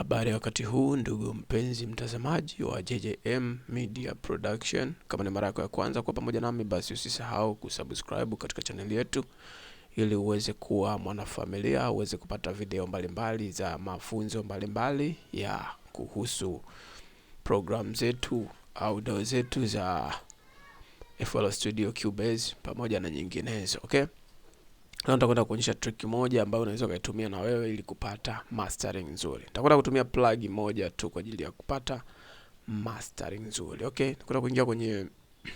Habari ya wakati huu, ndugu mpenzi mtazamaji wa JJM Media Production. Kama ni mara yako ya kwanza kwa pamoja nami, basi usisahau kusubscribe katika chaneli yetu ili uweze kuwa mwanafamilia, uweze kupata video mbalimbali mbali za mafunzo mbalimbali mbali ya kuhusu programu zetu au dao zetu za FL Studio, Cubase pamoja na nyinginezo, okay? Leo nitakwenda kuonyesha trick moja ambayo unaweza ukaitumia na wewe ili kupata mastering nzuri. Nitakwenda kutumia plug moja tu kwa ajili ya kupata mastering nzuri. Okay, nitakwenda kuingia kwenye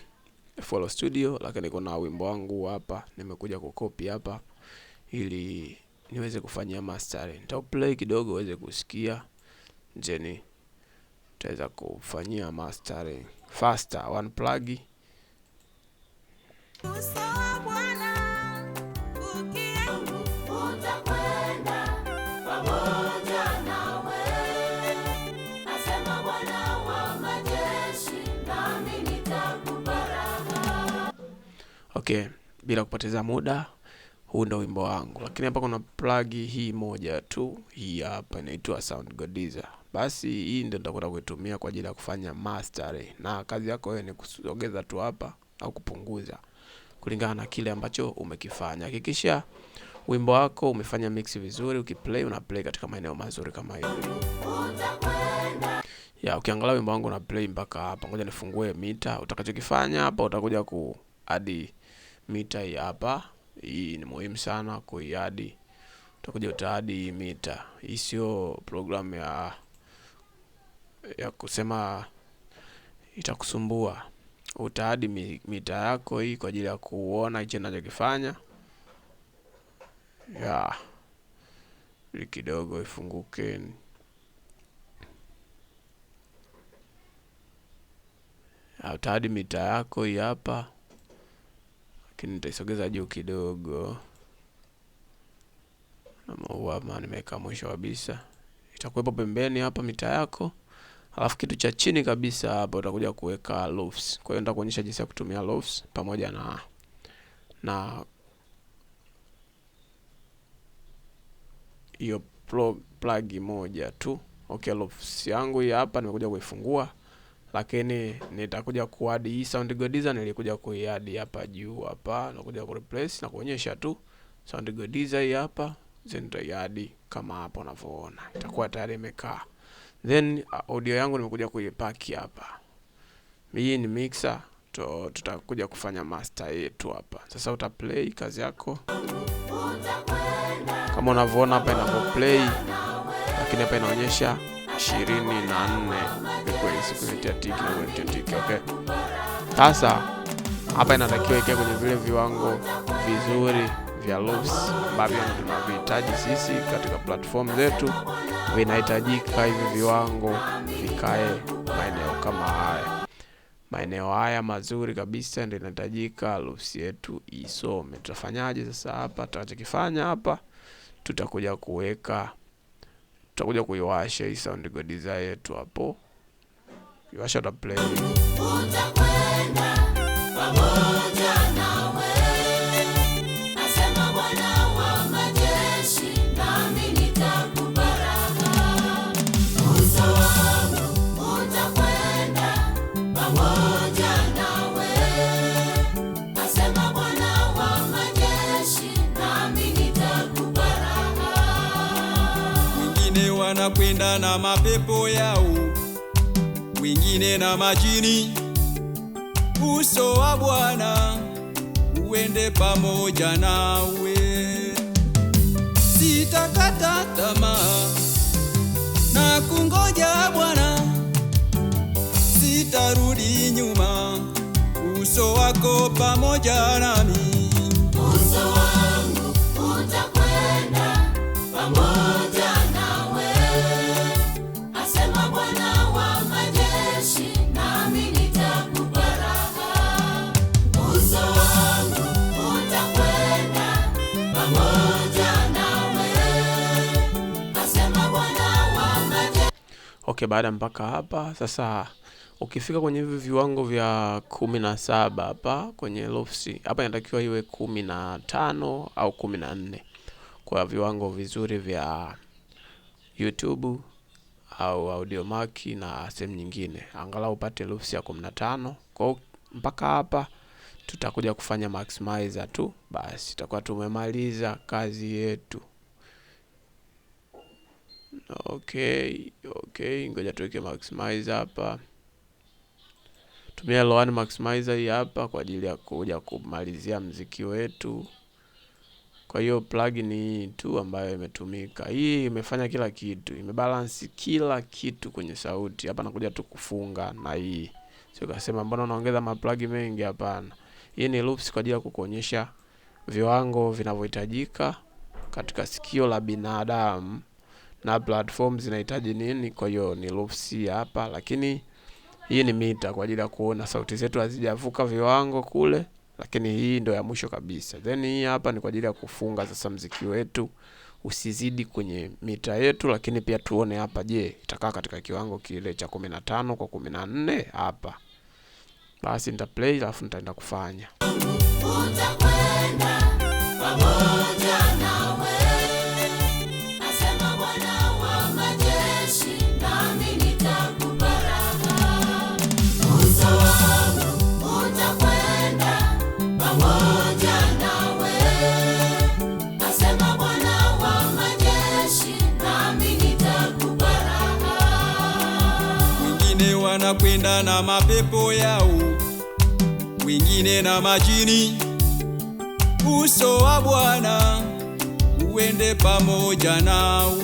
Follow Studio, lakini kuna wimbo wangu hapa nimekuja kukopi hapa ili niweze kufanyia mastering. Nita play kidogo uweze kusikia. Then tutaweza kufanyia mastering faster one plug. Usa. Okay, bila kupoteza muda, huu ndo wimbo wangu, lakini hapa kuna plug hii moja tu, hii hapa inaitwa Sound Godiza. Basi hii ndio nitakwenda kuitumia kwa ajili ya kufanya mastering, na kazi yako wewe ni kusogeza tu hapa au kupunguza kulingana na kile ambacho umekifanya. Hakikisha wimbo wako umefanya mix vizuri, ukiplay una play katika maeneo mazuri kama hivi. Ya, ukiangalia wimbo wangu una play mpaka hapa. Ngoja nifungue mita. Utakachokifanya hapa utakuja ku hadi mita hii hapa. Hii ni muhimu sana kuiadi, utakuja utaadi hii mita. Hii sio programu ya ya kusema itakusumbua. Utaadi mita yako hii kwa ajili ya kuona hicho ninachokifanya ya ili kidogo ifunguke utaadi mita yako hii hapa lakini nitaisogeza juu kidogo na maua hapa nimeweka mwisho kabisa, itakuwepo pembeni hapa mita yako, alafu kitu cha chini kabisa hapa utakuja kuweka lofts. Kwa hiyo nitakuonyesha jinsi ya kutumia lofts pamoja na na hiyo plug moja tu. Okay, lofts yangu hii hapa nimekuja kuifungua lakini nitakuja kuadi hii sound godiza nilikuja kuiadi hapa juu hapa, nakuja ku replace na kuonyesha tu sound godiza hii hapa, then yadi kama hapo unavyoona, itakuwa tayari imekaa. Then ah, audio yangu nimekuja kuipaki hapa, hii ni mixer to, tutakuja kufanya master yetu hapa. Sasa uta play kazi yako kama unavyoona hapa inapo play, lakini hapa inaonyesha ishirini na nne tiki. Okay, sasa hapa inatakiwa ikia kwenye vile viwango vizuri vya loops ambavyo tunavihitaji sisi katika platform zetu, vinahitajika hivi viwango vikae maeneo kama haya. Maeneo haya mazuri kabisa ndio inahitajika loops yetu isome. Tutafanyaje sasa hapa? tutakachokifanya hapa, tutakuja kuweka tutakuja kuiwasha hii sound god desire yetu hapo, iwasha ta play utakwenda pamoja na wanaenda na mapepo yao, wengine na majini. Uso wa Bwana uende pamoja nawe. Sitakata tamaa na kungoja Bwana, sitarudi nyuma. Uso wako pamoja nami, uso wangu utakwenda pamoja okay, baada mpaka hapa sasa ukifika kwenye hivi viwango vya kumi na saba hapa kwenye lofsi hapa inatakiwa iwe kumi na tano au kumi na nne kwa viwango vizuri vya YouTube au AudioMac na sehemu nyingine, angalau upate lofsi ya kumi na tano. Kwa mpaka hapa tutakuja kufanya maximizer tu, basi tutakuwa tumemaliza kazi yetu. Okay, okay, ngoja tuweke maximizer hapa. Tumia loan maximizer hii hapa kwa ajili ya kuja kumalizia mziki wetu. Kwa hiyo plugin hii tu ambayo imetumika hii imefanya kila kitu, imebalance kila kitu kwenye sauti hapa. Nakuja tu kufunga na hii, sio kasema mbona unaongeza maplugin mengi. Hapana, hii ni loops kwa ajili ya kukuonyesha viwango vinavyohitajika katika sikio la binadamu na platform zinahitaji nini. Kwa hiyo ni loop hapa, lakini hii ni mita kwa ajili ya kuona sauti zetu hazijavuka viwango kule, lakini hii ndo ya mwisho kabisa. Then hii hapa ni kwa ajili ya kufunga sasa mziki wetu usizidi kwenye mita yetu, lakini pia tuone hapa, je, itakaa katika kiwango kile cha 15 kwa 14 hapa. Basi nita play alafu nitaenda kufanya kwenda na mapepo yao, wengine na majini. Uso wa Bwana uende pamoja nao.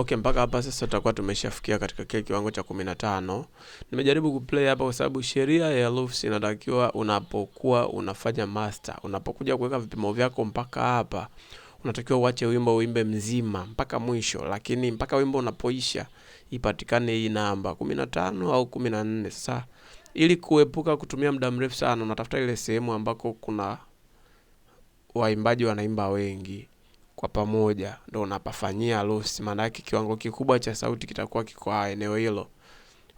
Okay, mpaka hapa sasa tutakuwa tumeshafikia katika kile kiwango cha 15. Nimejaribu kuplay hapa kwa sababu sheria ya LUFS inatakiwa unapokuwa unafanya master, unapokuja kuweka vipimo vyako mpaka hapa, unatakiwa uache wimbo uimbe mzima mpaka mwisho, lakini mpaka wimbo unapoisha ipatikane hii namba 15 au 14. Sasa ili kuepuka kutumia muda mrefu sana, unatafuta ile sehemu ambako kuna waimbaji wanaimba wengi kwa pamoja ndo unapafanyia loss. maanake kiwango kikubwa cha sauti kitakuwa kiko eneo hilo.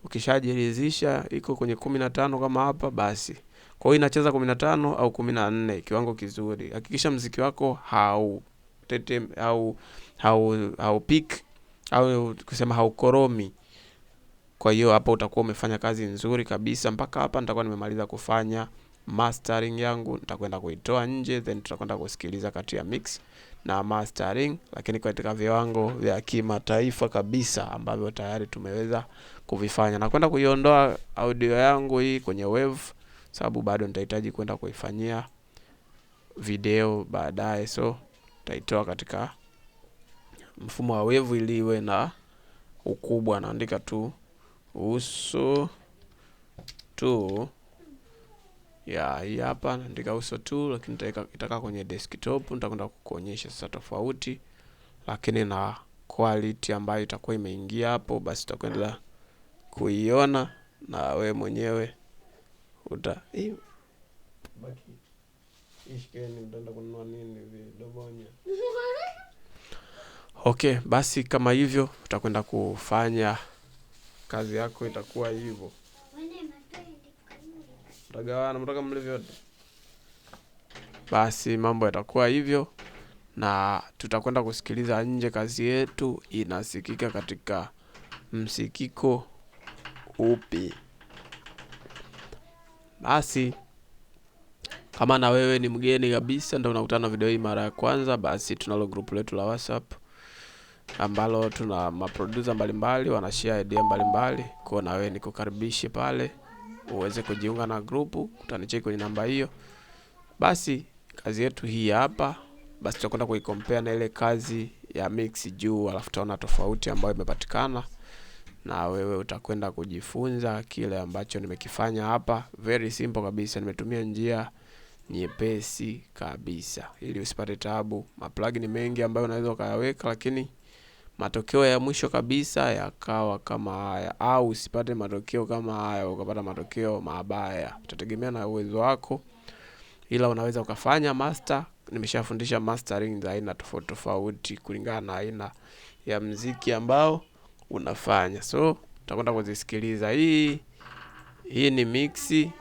Ukishajiridhisha iko kwenye kumi na tano kama hapa, basi kwa hiyo inacheza kumi na tano au kumi na nne kiwango kizuri. Hakikisha mziki wako hau tete au hau hau pick au kusema haukoromi. Kwa hiyo hapa utakuwa umefanya kazi nzuri kabisa. Mpaka hapa nitakuwa nimemaliza kufanya mastering yangu, nitakwenda kuitoa nje, then tutakwenda kusikiliza kati ya mix na mastering, lakini katika viwango vya kimataifa kabisa ambavyo tayari tumeweza kuvifanya. Nakwenda kuiondoa audio yangu hii kwenye wave, sababu bado nitahitaji kwenda kuifanyia video baadaye, so nitaitoa katika mfumo wa wave ili iwe na ukubwa. Naandika tu uso tu ya hii hapa naandika uso tu, lakini itakaa kwenye desktop. Nitakwenda kukuonyesha sasa tofauti, lakini na quality ambayo itakuwa imeingia hapo, basi utakwenda kuiona na we mwenyewe uta Okay, basi kama hivyo utakwenda kufanya kazi yako, itakuwa hivyo mtagawana, mtaka mle basi mambo yatakuwa hivyo, na tutakwenda kusikiliza nje. Kazi yetu inasikika katika msikiko upi? Basi kama na wewe ni mgeni kabisa ndo unakutana video hii mara ya kwanza, basi tunalo grupu letu la WhatsApp ambalo tuna maproducer mbalimbali wanashare idea mbalimbali, kwa na wewe nikukaribishe pale uweze kujiunga na grupu, utanicheki kwenye namba hiyo. Basi kazi yetu hii hapa, basi tutakwenda kuikompea na ile kazi ya mix juu, alafu tutaona tofauti ambayo imepatikana, na wewe utakwenda kujifunza kile ambacho nimekifanya hapa. Very simple kabisa, nimetumia njia nyepesi kabisa ili usipate tabu. Maplugin mengi ambayo unaweza ukayaweka, lakini matokeo ya mwisho kabisa yakawa kama haya, au usipate matokeo kama haya, ukapata matokeo mabaya. utategemea na uwezo wako, ila unaweza ukafanya master. Nimeshafundisha mastering za aina tofauti tofauti kulingana na aina ya mziki ambao unafanya, so utakwenda kuzisikiliza. Hii hii ni mixi,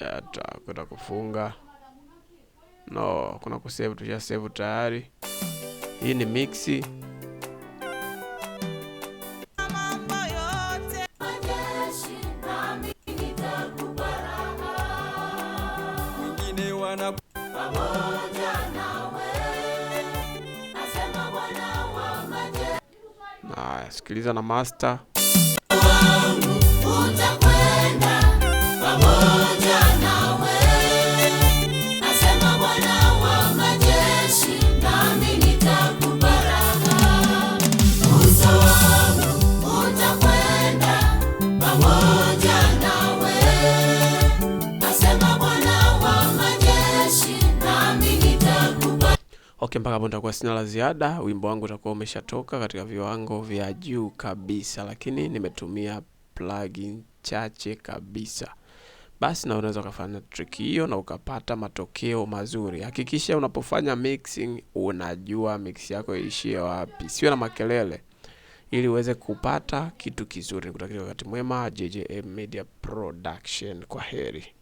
atakwenda kufunga no, kuna kusave, tusha save tayari. Hii ni mixi na sikiliza na master mpaka hapo nitakuwa sina la ziada. Wimbo wangu utakuwa umeshatoka katika viwango vya juu kabisa, lakini nimetumia plugin chache kabisa. Basi na unaweza ukafanya trick hiyo na ukapata matokeo mazuri. Hakikisha unapofanya mixing unajua mix yako iishie wapi, sio na makelele, ili uweze kupata kitu kizuri. Nikutakia wakati mwema. JJM Media Production, kwa heri.